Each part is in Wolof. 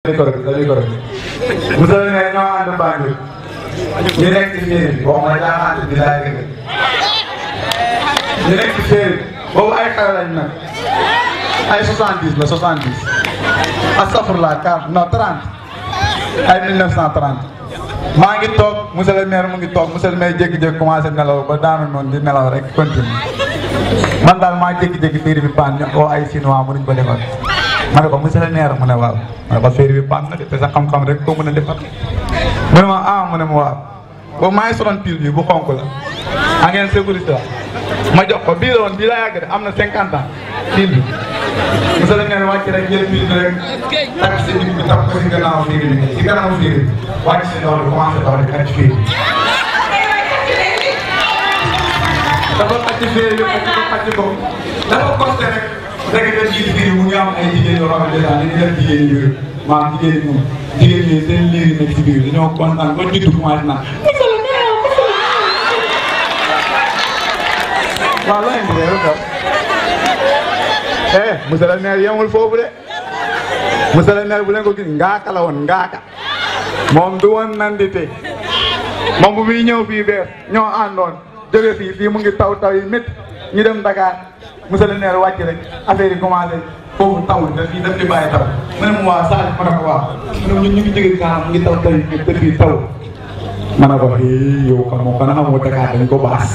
dañuy correct dañuy correct monsieur le maire ñoo ànd Banjul ñu nekk ci mairie bi waxuma jaaxal bi laay gën ñu nekk ci mairie bi boobu ay xale lañ nag ay 70 la 70 astafurla 40 non 30 ay 1930 maa ngi toog monsieur le maire mu ngi toog monsieur le maire jékki-jékki commencé nelaw ba daanu noonu nelaw rek continue man daal maa jékki-jékki mairie bi ban ñu oo ay chinois mënuñ ko defar ma ne ko monsieur le maire mu ne waaw ma ne ko affaire bi baax na de te sa xam-xam rek koo mën a defar mu ne ma ah mu ne boobu maa ngi soloon bi bu xonk la engrais sécurité ma jox ko bii la woon bii laa am na cinquante ans bi monsieur le maire wàcc rek jël pile bi rek takk si nit bi takk ko bi si gannaaw fii bi wàcc si léegi nag ci biir mu ngi am ay jigéen yoo xamante ne daal dañuy def jigéen yu bëri maanaam jigéen ñoom jigéen ñooy seen liir nekk ci biir dañoo kontaan ba juddu commencé naa. waaw looy indi de yow eh monsieur le maire yemul foofu de monsieur le maire bu leen ko gis ngaaka la woon ngaaka moom du woon nandite moom bu muy ñëw fii bees ñoo àndoon jóge fii fii mu ngi taw taw yi métti. ñu dem Dakar monsieur le maire wàcc rek affaire yi commencé foofu tawul te fii daf di bàyyi taw ma ne ma waa Sadio ma ne ko waaw ñu ngi mu ngi taw tey te ma ne ko eh yow xam nga xanaa xamoo Dakar ko baas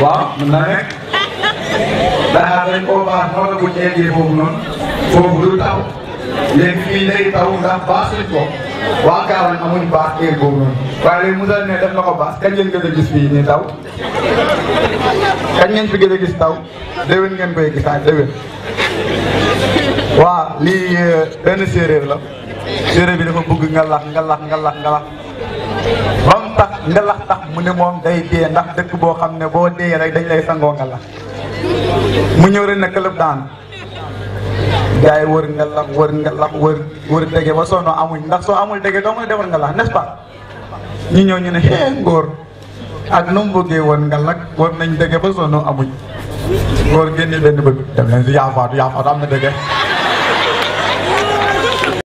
waaw mën na nekk Dakar dañ ko baas moo tax bu jeexee foofu noonu foofu du taw léegi fii day taw ndax baas lañ ko. waa Kaolack amuñu baax heure boobu noonu waaye léegi Moussa ne def na ko baax kañ ngeen gën a gis fii nii taw kañ ngeen fi gën a gis taw déwén ngeen koy gisaat ah, déwén. waaw lii euh, benn séeréer la séeréer bi dafa bëgg ngalax ngalax ngalax ngalax ba mu tax ngalax tax mu ne moom day dee ndax dëkk boo xam ne boo dee rek dañ lay sangoo ngalax mu ñëw rek na këlëb daan. gars yi wër nga lax wër nga wër wër dege ba sonn amuñ ndax soo amul dege doo nga defar nga lax n'est-ce pas ñu ñëw ñu ne xee ngóor ak nu mu bëggee woon nga lak war nañ dege ba sonn amuñ ngóor génne benn bëgg dem leen si yaafaatu yaafaatu am na dege